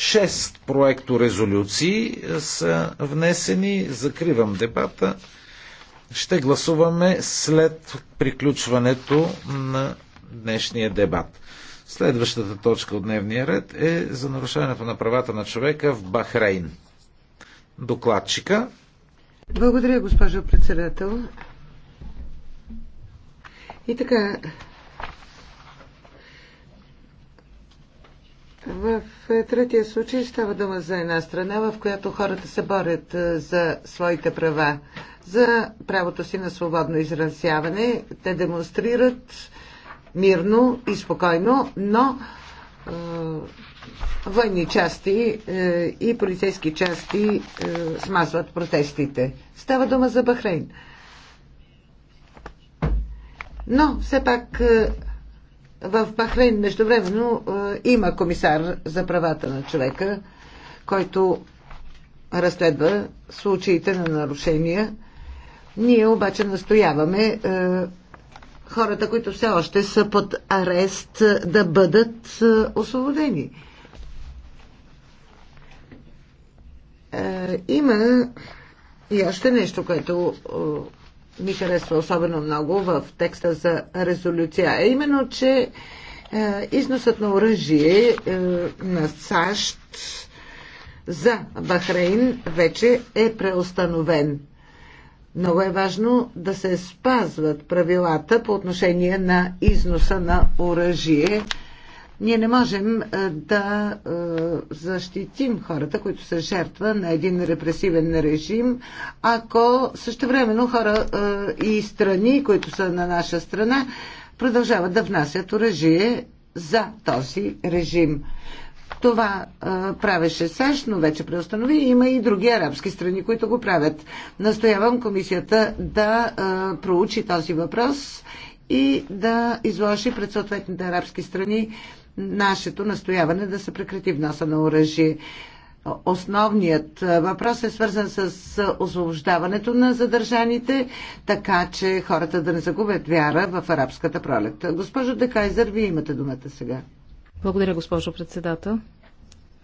Шест проекто резолюции е, са внесени. Закривам дебата. Ще гласуваме след приключването на днешния дебат. Следващата точка от дневния ред е за нарушаването на правата на човека в Бахрейн. Докладчика. Благодаря, госпожо председател. И така, В е, третия случай става дума за една страна, в която хората се борят е, за своите права, за правото си на свободно изразяване. Те демонстрират мирно и спокойно, но е, военни части е, и полицейски части е, смазват протестите. Става дума за Бахрейн. Но все пак. Е, в Бахрейн междувременно е, има комисар за правата на човека, който разследва случаите на нарушения. Ние обаче настояваме е, хората, които все още са под арест, да бъдат е, освободени. Е, има и още нещо, което е, ми харесва особено много в текста за резолюция, е именно, че е, износът на оръжие е, на САЩ за Бахрейн вече е преустановен. Много е важно да се спазват правилата по отношение на износа на оръжие ние не можем е, да е, защитим хората, които са жертва на един репресивен режим, ако същевременно хора е, и страни, които са на наша страна, продължават да внасят оръжие за този режим. Това а, правеше САЩ, но вече преустанови. Има и други арабски страни, които го правят. Настоявам комисията да а, проучи този въпрос и да изложи пред съответните арабски страни нашето настояване да се прекрати вноса на оръжие. Основният въпрос е свързан с освобождаването на задържаните, така че хората да не загубят вяра в арабската пролет. Госпожо Декайзер, вие имате думата сега. Благодаря, госпожо председател.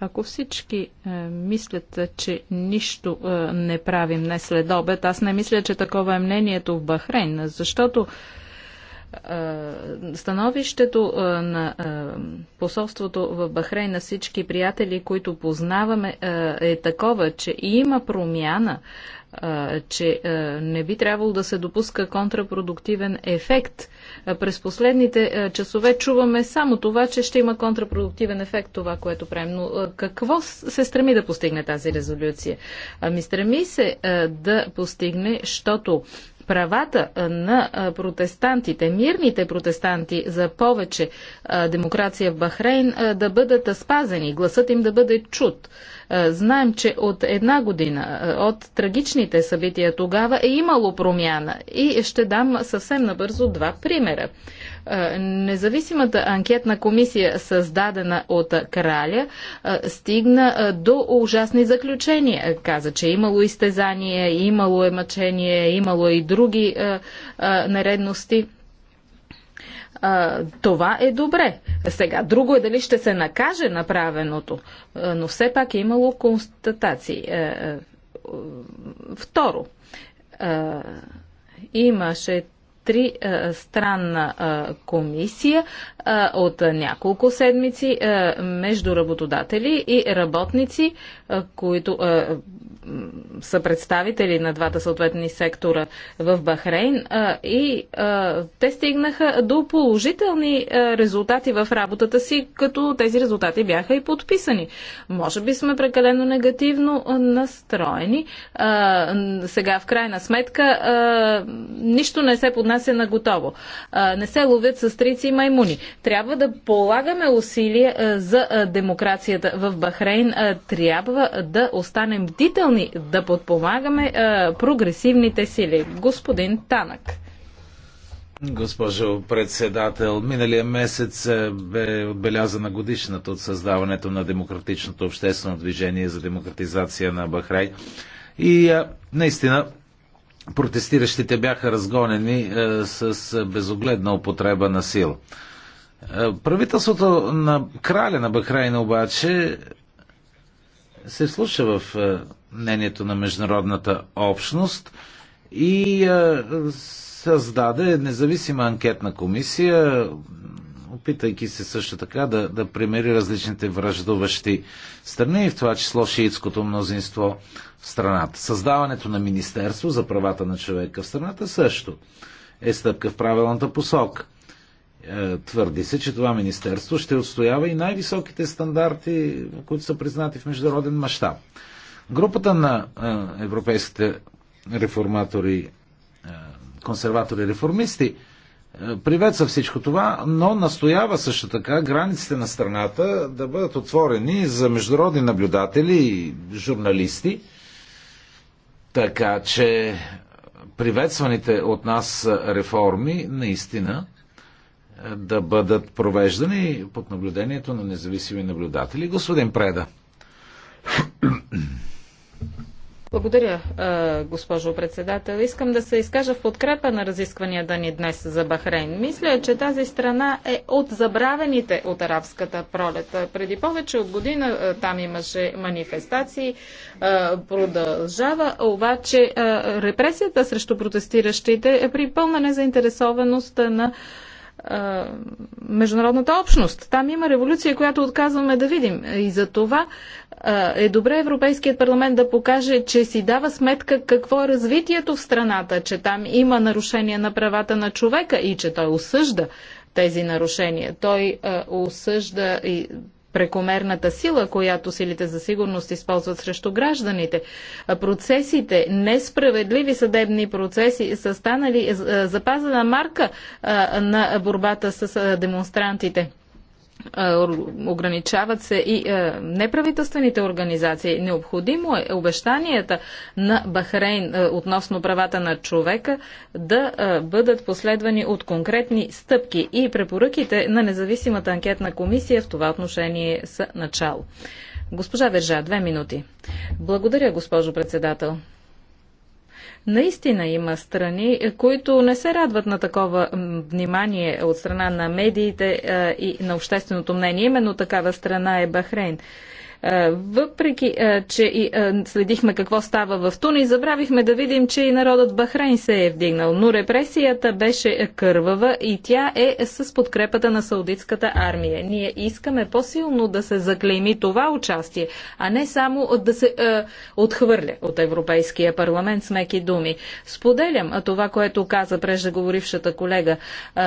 Ако всички е, мислят, че нищо е, не правим не след обед, аз не мисля, че такова е мнението в Бахрейн, защото е, е, становището е, на е, посолството в Бахрей на всички приятели, които познаваме, е такова, че има промяна, че не би трябвало да се допуска контрапродуктивен ефект. През последните часове чуваме само това, че ще има контрапродуктивен ефект това, което правим. Но какво се стреми да постигне тази резолюция? Ами стреми се да постигне, защото правата на протестантите, мирните протестанти за повече демокрация в Бахрейн да бъдат спазени, гласът им да бъде чут. Знаем, че от една година, от трагичните събития тогава е имало промяна и ще дам съвсем набързо два примера. Е, независимата анкетна комисия, създадена от краля, е, стигна е, до ужасни заключения. Каза, че имало изтезание, имало е мъчение, имало и други нередности това е добре. Сега, друго е дали ще се накаже направеното, но все пак е имало констатации. второ, имаше тристранна е, е, комисия е, от няколко седмици между работодатели и работници, които са представители на двата съответни сектора в Бахрейн и те стигнаха до положителни резултати в работата си, като тези резултати бяха и подписани. Може би сме прекалено негативно настроени. Сега в крайна сметка нищо не се поднася на готово. Не се ловят с и маймуни. Трябва да полагаме усилия за демокрацията в Бахрейн. Трябва да останем бдителни силни, да подпомагаме а, прогресивните сили. Господин Танък. Госпожо председател, миналия месец бе отбелязана годишната от създаването на Демократичното обществено движение за демократизация на Бахрай. И а, наистина протестиращите бяха разгонени а, с безогледна употреба на сила. Правителството на краля на Бахрайна обаче се слуша в мнението на международната общност и е, създаде независима анкетна комисия, опитайки се също така да, да примери различните връждуващи страни, в това число шиитското мнозинство в страната. Създаването на Министерство за правата на човека в страната също е стъпка в правилната посока. Е, твърди се, че това министерство ще отстоява и най-високите стандарти, които са признати в международен мащаб. Групата на европейските реформатори, консерватори и реформисти приветства всичко това, но настоява също така границите на страната да бъдат отворени за международни наблюдатели и журналисти, така че приветстваните от нас реформи наистина да бъдат провеждани под наблюдението на независими наблюдатели. Господин Преда. Благодаря, госпожо председател. Искам да се изкажа в подкрепа на разискванията ни днес за Бахрейн. Мисля, че тази страна е от забравените от арабската пролет. Преди повече от година там имаше манифестации. Продължава обаче репресията срещу протестиращите е при пълна незаинтересованост на международната общност. Там има революция, която отказваме да видим. И за това е добре Европейският парламент да покаже, че си дава сметка какво е развитието в страната, че там има нарушение на правата на човека и че той осъжда тези нарушения. Той а, осъжда и прекомерната сила, която силите за сигурност използват срещу гражданите. Процесите, несправедливи съдебни процеси са станали е, запазена марка е, на борбата с е, демонстрантите ограничават се и неправителствените организации. Необходимо е обещанията на Бахрейн относно правата на човека да бъдат последвани от конкретни стъпки и препоръките на независимата анкетна комисия в това отношение са начало. Госпожа Вержа, две минути. Благодаря, госпожо председател. Наистина има страни, е, които не се радват на такова внимание от страна на медиите е, и на общественото мнение. Именно такава страна е Бахрейн. Е, въпреки, е, че и е, следихме какво става в Туни, забравихме да видим, че и народът Бахрейн се е вдигнал. Но репресията беше кървава и тя е с подкрепата на саудитската армия. Ние искаме по-силно да се заклейми това участие, а не само да се е, отхвърля от Европейския парламент с меки думи. Споделям това, което каза преждеговорившата колега. Е,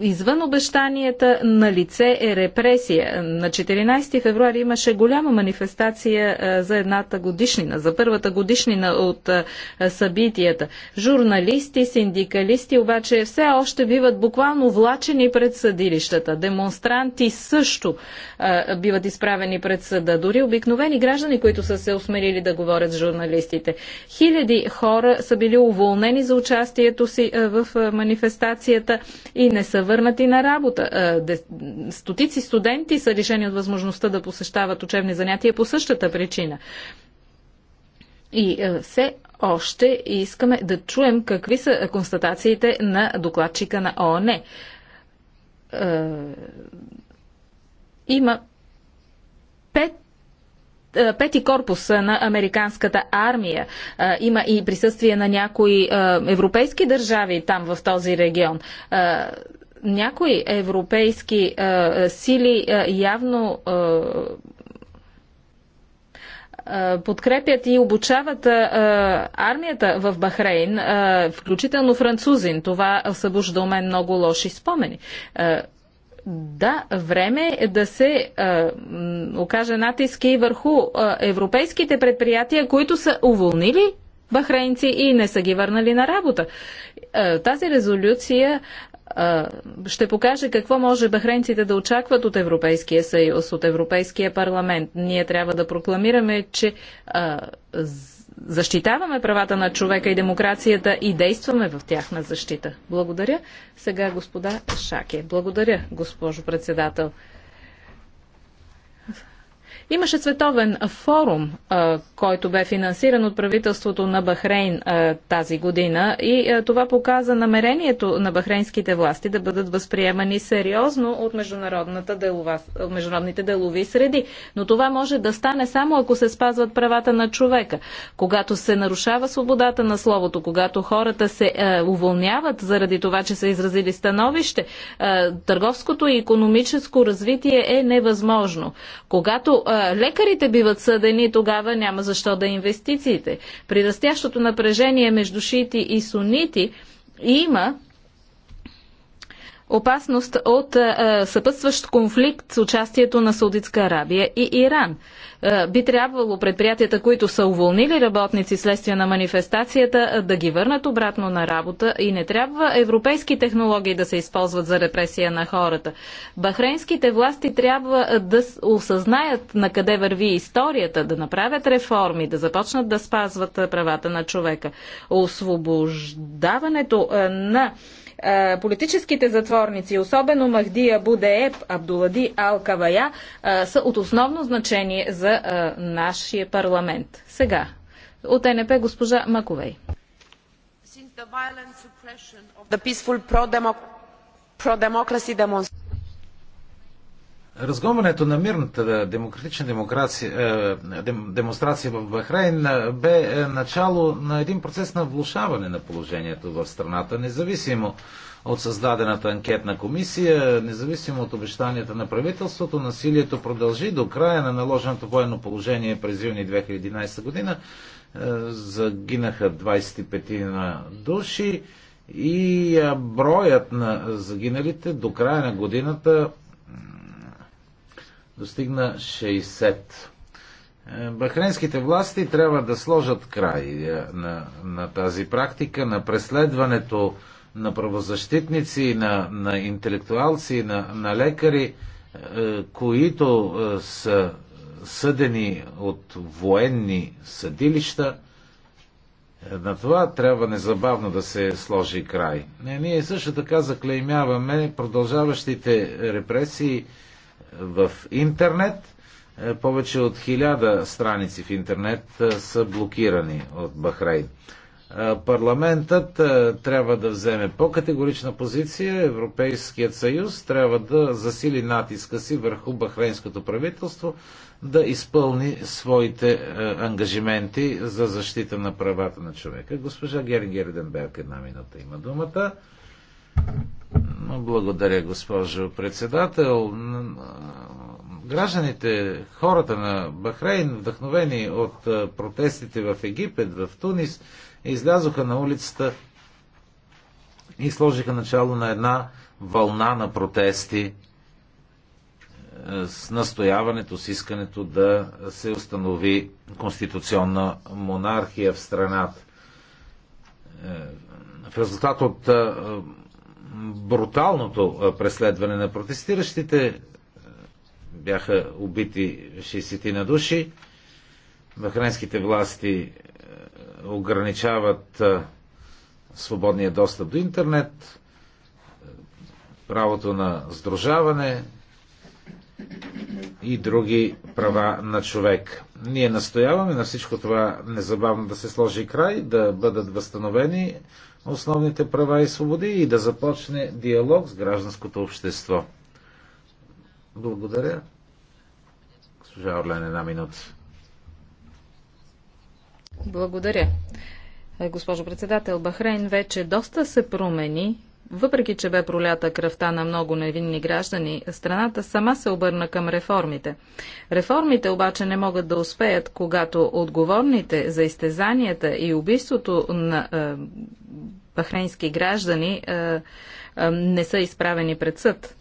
извън обещанията на лице е репресия. На 14 февруари имаше голяма манифестация за едната годишнина, за първата годишнина от събитията. Журналисти, синдикалисти обаче все още биват буквално влачени пред съдилищата. Демонстранти също биват изправени пред съда. Дори обикновени граждани, които са се осмелили да говорят с журналистите. Хиляди хора са били уволнени за участието си в манифестацията и не са върнати на работа. Стотици студенти са лишени от възможността да посещават учебни занятие по същата причина. И е, все още искаме да чуем какви са констатациите на докладчика на ООН. Е, има пет е, пети корпус на американската армия. Има и присъствие на някои европейски държави там в този регион. Някои европейски сили явно подкрепят и обучават армията в Бахрейн, включително французин. Това събужда у мен много лоши спомени. Да, време е да се а, окаже натиски върху а, европейските предприятия, които са уволнили бахрейнци и не са ги върнали на работа. А, тази резолюция ще покаже какво може бахренците да очакват от Европейския съюз, от Европейския парламент. Ние трябва да прокламираме, че защитаваме правата на човека и демокрацията и действаме в тяхна защита. Благодаря. Сега господа Шаке. Благодаря, госпожо председател. Имаше световен форум, който бе финансиран от правителството на Бахрейн тази година и това показа намерението на бахрейнските власти да бъдат възприемани сериозно от делова, международните делови среди. Но това може да стане само ако се спазват правата на човека. Когато се нарушава свободата на словото, когато хората се уволняват заради това, че са изразили становище, търговското и економическо развитие е невъзможно. Когато лекарите биват съдени, тогава няма защо да е инвестициите. При растящото напрежение между шиити и сунити има опасност от е, е, съпътстващ конфликт с участието на Саудитска Арабия и Иран. Е, би трябвало предприятията, които са уволнили работници следствие на манифестацията, да ги върнат обратно на работа и не трябва европейски технологии да се използват за репресия на хората. Бахрейнските власти трябва да осъзнаят на къде върви историята, да направят реформи, да започнат да спазват правата на човека. Освобождаването на политическите затвори затворници, особено Махдия Будееб, Абдулади Ал-Кавая, са от основно значение за нашия парламент. Сега, от НП госпожа Маковей. Разгонването на мирната демократична демокрация, демонстрация в Бахрейн бе начало на един процес на влушаване на положението в страната, независимо от създадената анкетна комисия. Независимо от обещанията на правителството, насилието продължи до края на наложеното военно положение през юни 2011 година. Е, загинаха 25 на души и е, броят на загиналите до края на годината достигна 60. Е, Бахренските власти трябва да сложат край на, на тази практика, на преследването на правозащитници, на, на интелектуалци, на, на лекари, е, които е, са съдени от военни съдилища. Е, на това трябва незабавно да се сложи край. Не, ние също така заклеймяваме продължаващите репресии в интернет. Повече от хиляда страници в интернет са блокирани от Бахрейн. Парламентът трябва да вземе по-категорична позиция. Европейският съюз трябва да засили натиска си върху бахрейнското правителство да изпълни своите ангажименти за защита на правата на човека. Госпожа Герин Герденберг една минута има думата. Благодаря, госпожо председател. Гражданите, хората на Бахрейн, вдъхновени от протестите в Египет, в Тунис, излязоха на улицата и сложиха начало на една вълна на протести е, с настояването, с искането да се установи конституционна монархия в страната. Е, в резултат от е, бруталното преследване на протестиращите бяха убити 60 на души. Бахренските власти ограничават свободния достъп до интернет, правото на сдружаване и други права на човек. Ние настояваме на всичко това незабавно да се сложи край, да бъдат възстановени основните права и свободи и да започне диалог с гражданското общество. Благодаря. Госпожа Орлен, една минута. Благодаря. Е, госпожо председател, Бахрейн вече доста се промени. Въпреки, че бе пролята кръвта на много невинни граждани, страната сама се обърна към реформите. Реформите обаче не могат да успеят, когато отговорните за изтезанията и убийството на е, бахрейнски граждани е, е, не са изправени пред съд.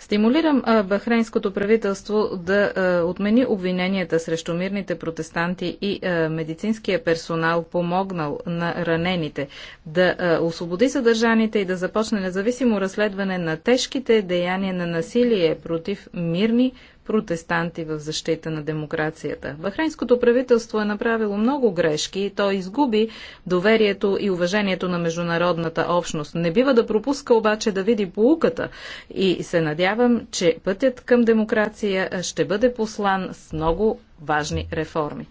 Стимулирам бахрейнското правителство да отмени обвиненията срещу мирните протестанти и медицинския персонал, помогнал на ранените, да освободи съдържаните и да започне независимо разследване на тежките деяния на насилие против мирни протестанти в защита на демокрацията. Бахрейнското правителство е направило много грешки и то изгуби доверието и уважението на международната общност. Не бива да пропуска обаче да види полуката и се надявам, че пътят към демокрация ще бъде послан с много важни реформи.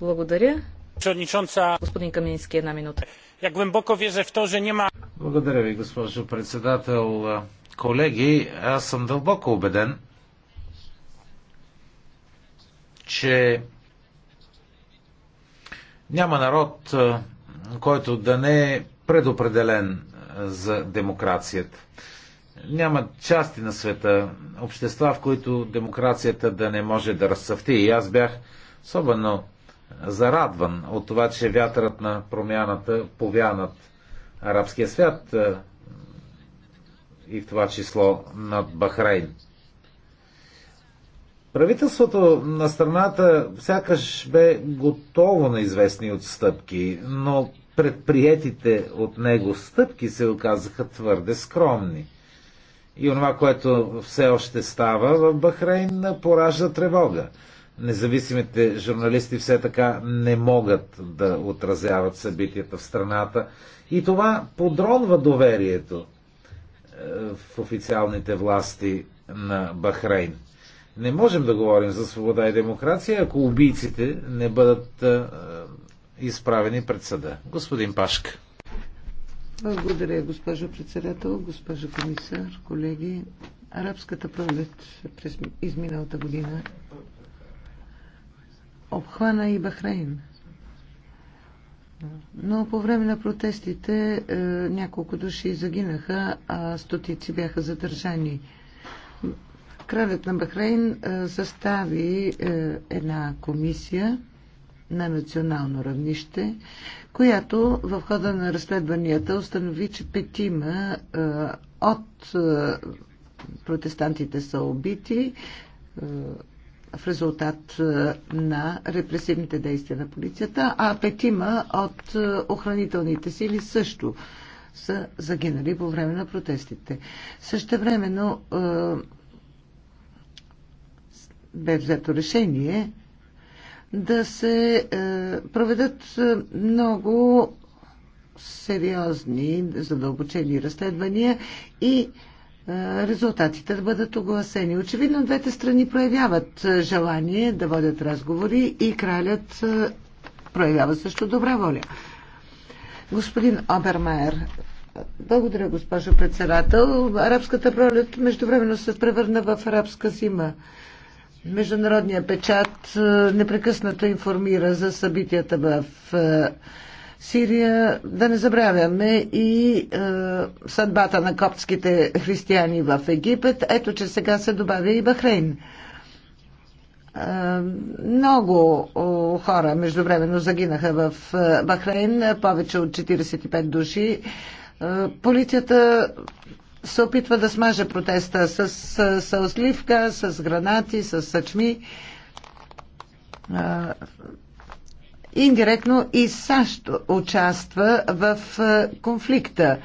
Благодаря. Господин Камински, една минута. Я глъбоко вижда в то, че няма... Благодаря ви, госпожо председател. Колеги, аз съм дълбоко убеден, че няма народ, който да не е предопределен за демокрацията. Няма части на света, общества, в които демокрацията да не може да разцъфти. И аз бях особено зарадван от това, че вятърът на промяната повя над арабския свят и в това число над Бахрейн. Правителството на страната сякаш бе готово на известни отстъпки, но предприетите от него стъпки се оказаха твърде скромни. И онова, което все още става в Бахрейн, поражда тревога. Независимите журналисти все така не могат да отразяват събитията в страната и това подронва доверието е, в официалните власти на Бахрейн. Не можем да говорим за свобода и демокрация, ако убийците не бъдат а, изправени пред съда. Господин Пашка. Благодаря, госпожо председател, госпожо комисар, колеги. Арабската пролет през изминалата година обхвана и Бахрейн. Но по време на протестите е, няколко души загинаха, а стотици бяха задържани. Кралят на Бахрейн е, състави е, една комисия на национално равнище, която в хода на разследванията установи, че петима е, от протестантите са убити в резултат на репресивните действия на полицията, а петима от охранителните сили също са загинали по време на протестите. времено бе взето решение да се е, проведат е, много сериозни, задълбочени разследвания и е, резултатите да бъдат огласени. Очевидно, двете страни проявяват желание да водят разговори и кралят проявява също добра воля. Господин Обермайер, благодаря, госпожо председател. Арабската пролет междувременно се превърна в арабска зима. Международния печат е, непрекъснато информира за събитията в е, Сирия. Да не забравяме и е, съдбата на коптските християни в Египет. Ето, че сега се добавя и Бахрейн. Е, много хора междувременно загинаха в Бахрейн, повече от 45 души. Полицията се опитва да смаже протеста с сълзливка, с гранати, с съчми. Индиректно и САЩ участва в конфликта.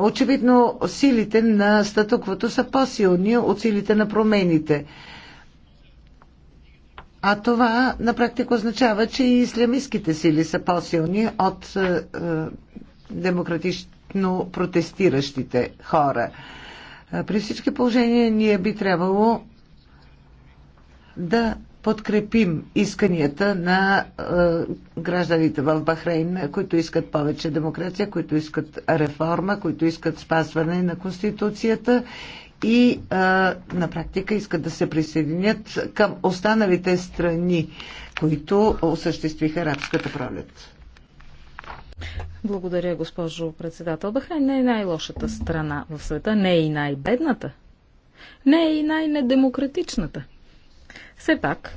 Очевидно силите на статуквото са по-силни от силите на промените. А това на практика означава, че и ислямистските сили са по-силни от демократичните директно протестиращите хора. При всички положения ние би трябвало да подкрепим исканията на е, гражданите в Бахрейн, които искат повече демокрация, които искат реформа, които искат спазване на Конституцията и е, на практика искат да се присъединят към останалите страни, които осъществиха арабската пролет. Благодаря, госпожо председател. Бахрейн не е най-лошата страна в света, не е и най-бедната, не е и най-недемократичната. Все пак,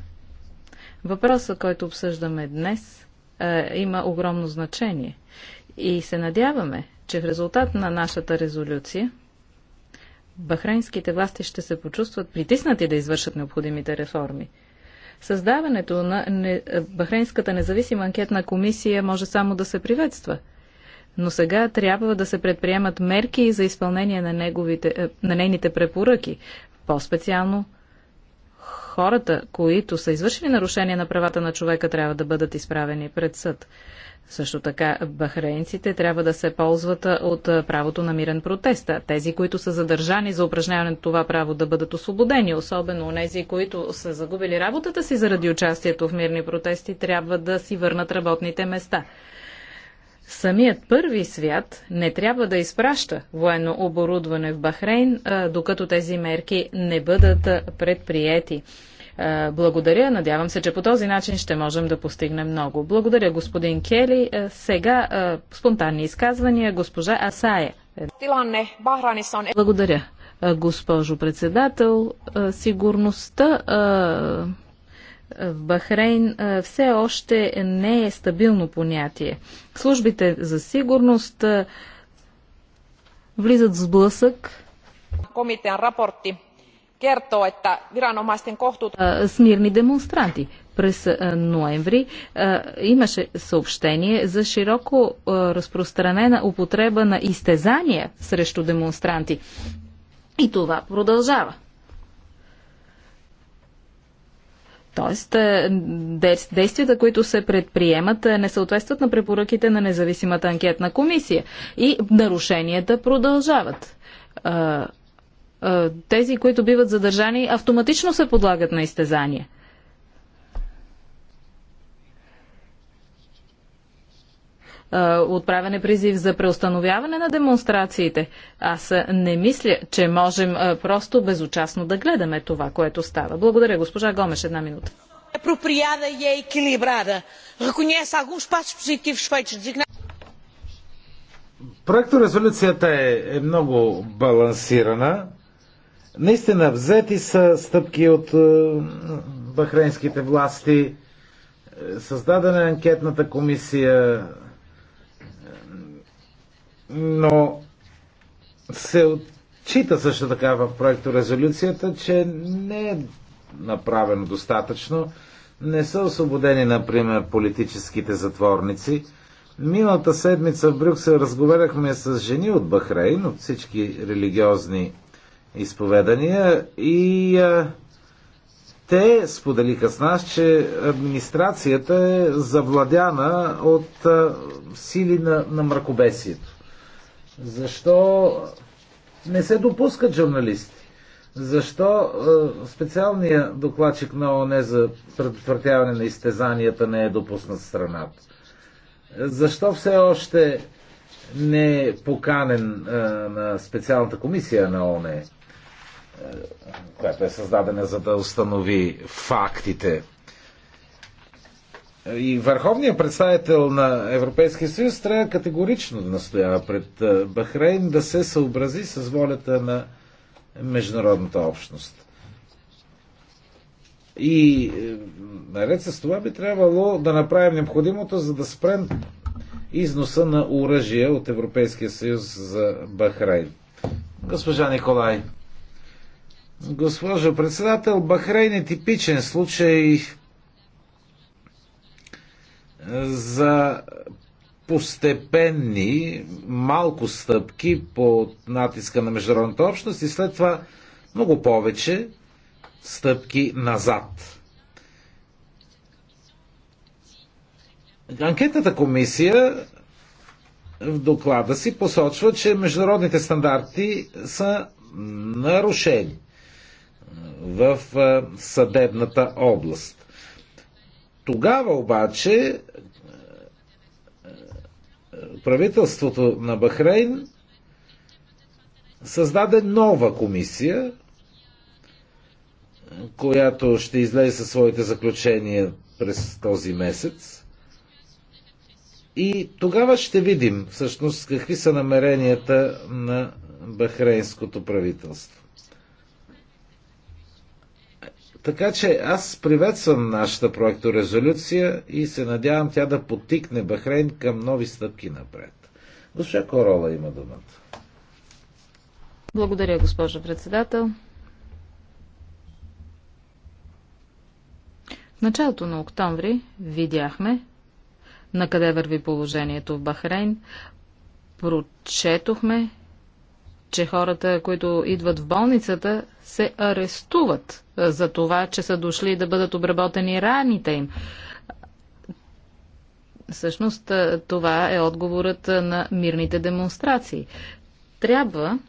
въпросът, който обсъждаме днес, е, има огромно значение. И се надяваме, че в резултат на нашата резолюция бахрейнските власти ще се почувстват притиснати да извършат необходимите реформи – Създаването на не... Бахрейнската независима анкетна комисия може само да се приветства. Но сега трябва да се предприемат мерки за изпълнение на, неговите, е, на нейните препоръки, по-специално хората, които са извършили нарушение на правата на човека, трябва да бъдат изправени пред съд. Също така бахрейнците трябва да се ползват от правото на мирен протест. Тези, които са задържани за упражняване на това право да бъдат освободени, особено тези, които са загубили работата си заради участието в мирни протести, трябва да си върнат работните места. Самият първи свят не трябва да изпраща военно оборудване в Бахрейн, докато тези мерки не бъдат предприети. Благодаря. Надявам се, че по този начин ще можем да постигнем много. Благодаря, господин Кели. Сега спонтанни изказвания. Госпожа Асае. Е- благодаря, госпожо председател. Сигурността в Бахрейн все още не е стабилно понятие. Службите за сигурност влизат в сблъсък. Комитен рапорти kertoo, että Смирни демонстранти. През ноември имаше съобщение за широко разпространена употреба на изтезания срещу демонстранти. И това продължава. Тоест, е, действията, които се предприемат, е, не съответстват на препоръките на независимата анкетна комисия и нарушенията продължават. Е, тези, които биват задържани, автоматично се подлагат на изтезания. отправен е призив за преустановяване на демонстрациите. Аз не мисля, че можем е, просто безучастно да гледаме това, което става. Благодаря, госпожа Гомеш, една минута. Е е Проекторезолюцията е, е много балансирана. Наистина, взети са стъпки от бахрейнските власти, създадена е анкетната комисия, но се отчита също така в проекто резолюцията, че не е направено достатъчно. Не са освободени, например, политическите затворници. Миналата седмица в Брюксел разговаряхме с жени от Бахрейн, от всички религиозни изповедания и а, те споделиха с нас, че администрацията е завладяна от а, сили на, на мракобесието. Защо не се допускат журналисти? Защо е, специалният докладчик на ОНЕ за предотвратяване на изтезанията не е допуснат страната? Защо все още не е поканен е, на специалната комисия на ОНЕ, е, която е създадена за да установи фактите и върховният представител на Европейския съюз трябва категорично да настоява пред Бахрейн да се съобрази с волята на международната общност. И е, наред с това би трябвало да направим необходимото, за да спрем износа на оръжие от Европейския съюз за Бахрейн. Госпожа Николай. Госпожо председател, Бахрейн е типичен случай за постепенни, малко стъпки под натиска на международната общност и след това много повече стъпки назад. Анкетната комисия в доклада си посочва, че международните стандарти са нарушени в съдебната област. Тогава обаче е, правителството на Бахрейн създаде нова комисия, която ще излезе със своите заключения през този месец. И тогава ще видим всъщност какви са намеренията на бахрейнското правителство. Така че аз приветствам нашата проекторезолюция и се надявам тя да потикне Бахрейн към нови стъпки напред. Госпожа Корола има думата. Благодаря, госпожо председател. В началото на октомври видяхме на къде върви положението в Бахрейн, прочетохме че хората, които идват в болницата, се арестуват за това, че са дошли да бъдат обработени раните им. Всъщност това е отговорът на мирните демонстрации. Трябва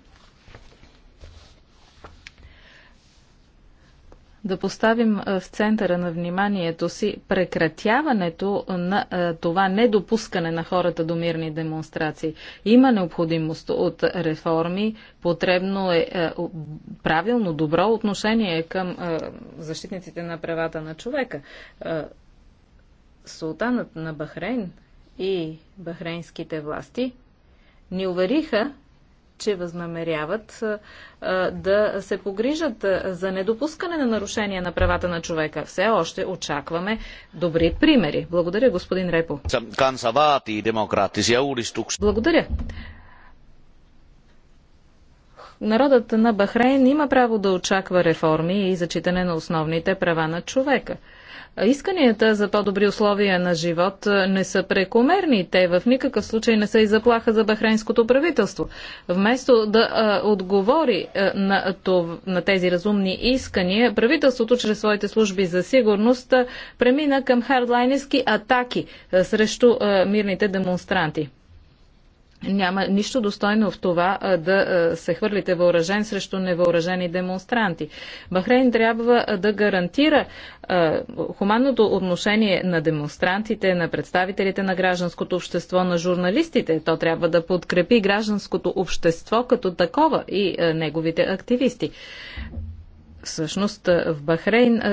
да поставим в центъра на вниманието си прекратяването на това недопускане на хората до мирни демонстрации. Има необходимост от реформи, потребно е правилно, добро отношение към защитниците на правата на човека. Султанът на Бахрейн и бахрейнските власти ни увериха, че възнамеряват да се погрижат за недопускане на нарушение на правата на човека. Все още очакваме добри примери. Благодаря, господин Репо. Благодаря. Народът на Бахрейн има право да очаква реформи и зачитане на основните права на човека – Исканията за по-добри условия на живот не са прекомерни. Те в никакъв случай не са и заплаха за бахрейнското правителство. Вместо да а, отговори а, на, то, на тези разумни искания, правителството чрез своите служби за сигурност а, премина към хардлайнерски атаки а, срещу а, мирните демонстранти няма нищо достойно в това да се хвърлите въоръжен срещу невъоръжени демонстранти. Бахрейн трябва да гарантира хуманното отношение на демонстрантите, на представителите на гражданското общество, на журналистите. То трябва да подкрепи гражданското общество като такова и неговите активисти. Всъщност е, в Бахрейн е,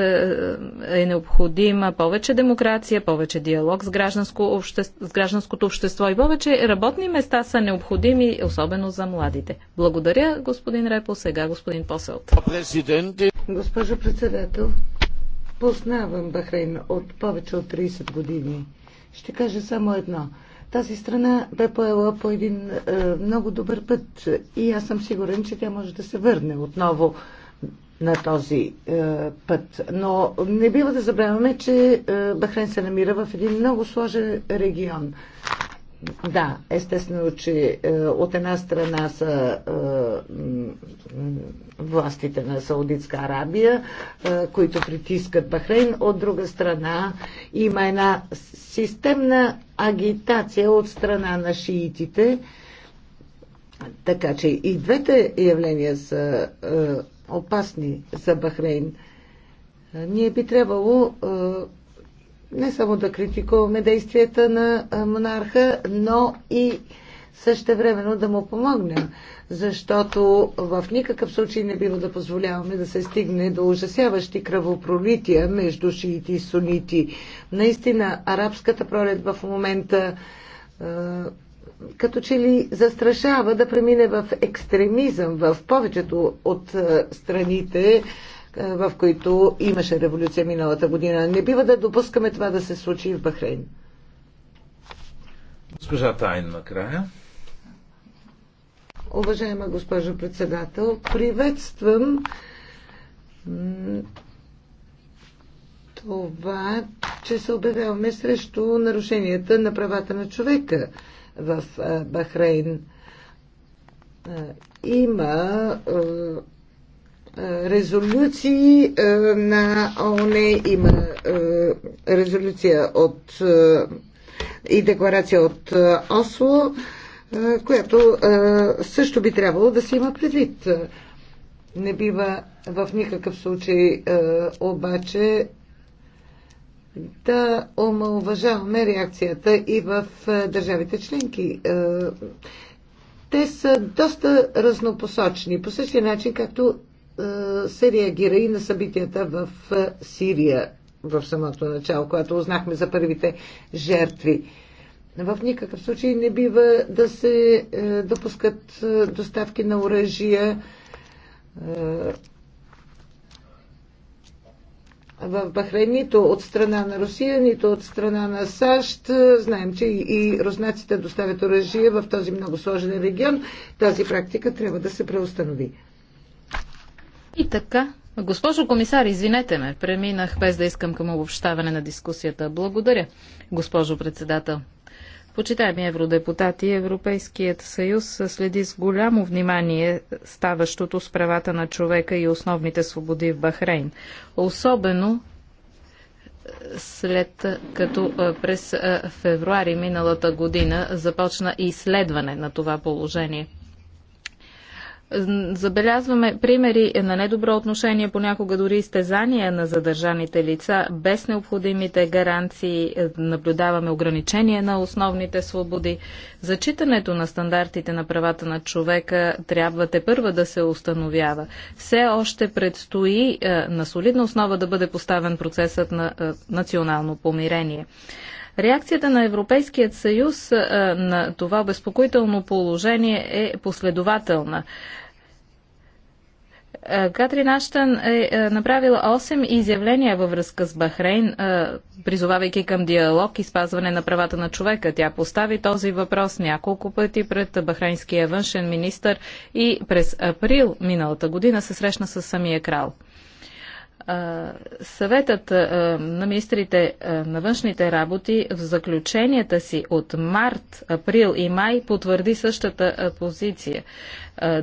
е необходима повече демокрация, повече диалог с, гражданско обще... с гражданското общество и повече работни места са необходими, особено за младите. Благодаря, господин Репо. Сега господин Поселт. Госпожо председател, познавам Бахрейн от повече от 30 години. Ще кажа само едно. Тази страна бе поела по един е, много добър път и аз съм сигурен, че тя може да се върне отново на този е, път. Но не бива да забравяме, че е, Бахрейн се намира в един много сложен регион. Да, естествено, че е, от една страна са е, властите на Саудитска Арабия, е, които притискат Бахрейн, от друга страна има една системна агитация от страна на шиитите, така че и двете явления са е, опасни за Бахрейн. Ние би трябвало не само да критикуваме действията на монарха, но и също времено да му помогнем, защото в никакъв случай не бива да позволяваме да се стигне до ужасяващи кръвопролития между шиити и сунити. Наистина, арабската пролет в момента като че ли застрашава да премине в екстремизъм в повечето от е, страните, е, в които имаше революция миналата година. Не бива да допускаме това да се случи в Бахрейн. Госпожа Тайн накрая. Уважаема госпожо председател, приветствам това, че се обявяваме срещу нарушенията на правата на човека в Бахрейн. Има резолюции на ООН, има резолюция от и декларация от ОСЛО, която също би трябвало да се има предвид. Не бива в никакъв случай обаче да омалуважаваме реакцията и в е, държавите членки. Е, те са доста разнопосочни, по същия начин както е, се реагира и на събитията в Сирия в самото начало, когато узнахме за първите жертви. В никакъв случай не бива да се допускат доставки на оръжия в Бахрейн, нито от страна на Русия, нито от страна на САЩ. Знаем, че и руснаците доставят оръжие в този много сложен регион. Тази практика трябва да се преустанови. И така, Госпожо комисар, извинете ме, преминах без да искам към обобщаване на дискусията. Благодаря, госпожо председател. Почитаеми евродепутати, Европейският съюз следи с голямо внимание ставащото с правата на човека и основните свободи в Бахрейн. Особено след като през февруари миналата година започна изследване на това положение. Забелязваме примери на недобро отношение, понякога дори изтезания на задържаните лица, без необходимите гаранции, наблюдаваме ограничение на основните свободи. Зачитането на стандартите на правата на човека трябва те първа да се установява. Все още предстои е, на солидна основа да бъде поставен процесът на е, национално помирение. Реакцията на Европейският съюз на това безпокоително положение е последователна. Катрин Аштън е, е направила 8 изявления във връзка с Бахрейн, призовавайки към диалог и спазване на правата на човека. Тя постави този въпрос няколко пъти пред бахрейнския външен министр и през април миналата година се срещна с самия крал. Съветът на министрите на външните работи в заключенията си от март, април и май потвърди същата позиция.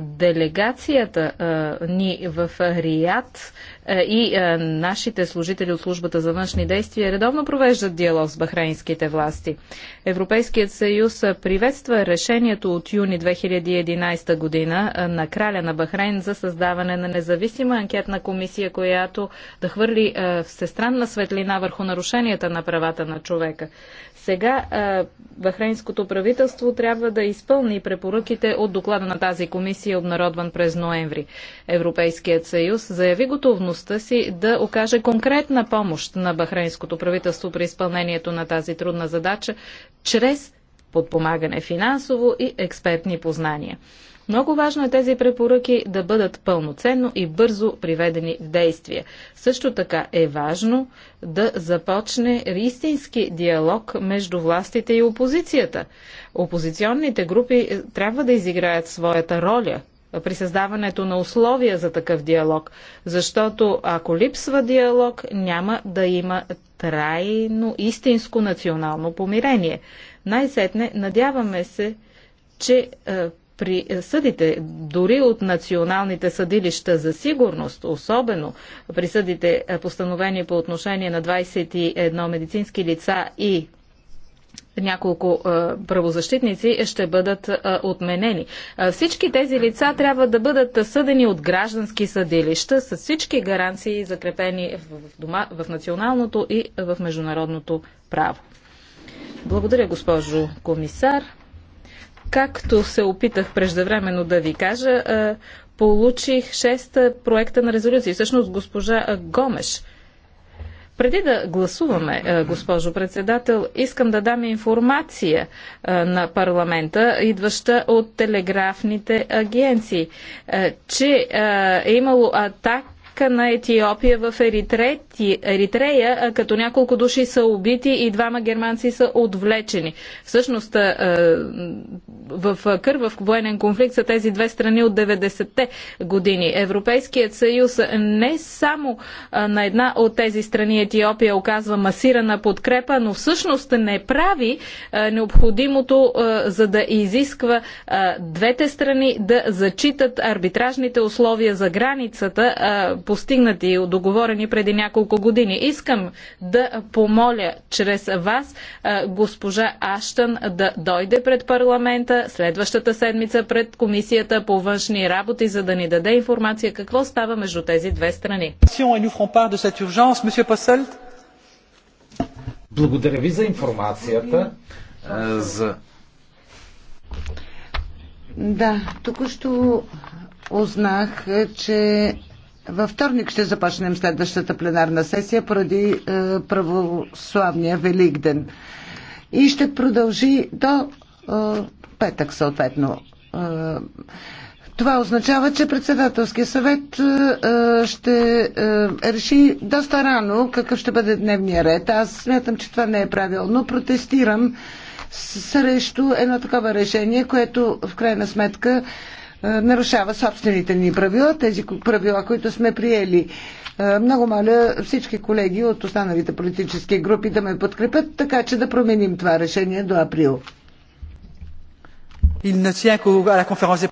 Делегацията ни в Рият и нашите служители от службата за външни действия редовно провеждат диалог с бахрейнските власти. Европейският съюз приветства решението от юни 2011 година на краля на Бахрейн за създаване на независима анкетна комисия, която да хвърли всестранна светлина върху нарушенията на правата на човека. Сега Бахрейнското правителство трябва да изпълни препоръките от доклада на тази комисия, обнародван през ноември. Европейският съюз заяви готовността си да окаже конкретна помощ на Бахрейнското правителство при изпълнението на тази трудна задача чрез подпомагане финансово и експертни познания. Много важно е тези препоръки да бъдат пълноценно и бързо приведени в действие. Също така е важно да започне истински диалог между властите и опозицията. Опозиционните групи е, трябва да изиграят своята роля при създаването на условия за такъв диалог, защото ако липсва диалог, няма да има трайно, истинско национално помирение. Най-сетне надяваме се, че е, при е, съдите, дори от националните съдилища за сигурност, особено при съдите, е, постановени по отношение на 21 медицински лица и няколко е, правозащитници ще бъдат отменени. Всички тези лица трябва да бъдат съдени от граждански съдилища с всички гаранции, закрепени в, дома, в националното и в международното право. Благодаря, госпожо комисар. Както се опитах преждевременно да ви кажа, е, получих шест проекта на резолюции. Всъщност госпожа Гомеш. Преди да гласуваме, е, госпожо председател, искам да дам информация е, на парламента, идваща от телеграфните агенции, че е имало атак атака на Етиопия в Еритрети, Еритрея, като няколко души са убити и двама германци са отвлечени. Всъщност в в военен конфликт са тези две страни от 90-те години. Европейският съюз не само на една от тези страни Етиопия оказва масирана подкрепа, но всъщност не прави необходимото за да изисква двете страни да зачитат арбитражните условия за границата постигнати и договорени преди няколко години. Искам да помоля чрез вас госпожа Аштън да дойде пред парламента следващата седмица пред Комисията по външни работи, за да ни даде информация какво става между тези две страни. Благодаря ви за информацията. За... Да, току-що узнах, че във вторник ще започнем следващата пленарна сесия поради е, православния Великден. И ще продължи до е, петък съответно. Е, това означава, че председателския съвет е, е ще е, реши доста рано какъв ще бъде дневния ред. Аз смятам, че това не е правилно. Протестирам срещу едно такова решение, което в крайна сметка е, нарушава собствените ни правила, тези правила, които сме приели. Е, много моля всички колеги от останалите политически групи да ме подкрепят, така че да променим това решение до април.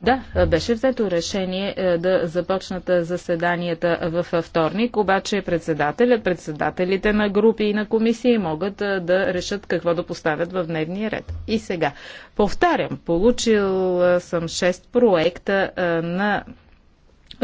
Да, е, беше взето решение е, да започнат е, заседанията във вторник, обаче председателят, председателите на групи и на комисии могат да решат какво да поставят в дневния ред. И сега, повтарям, получил съм 6 проекта на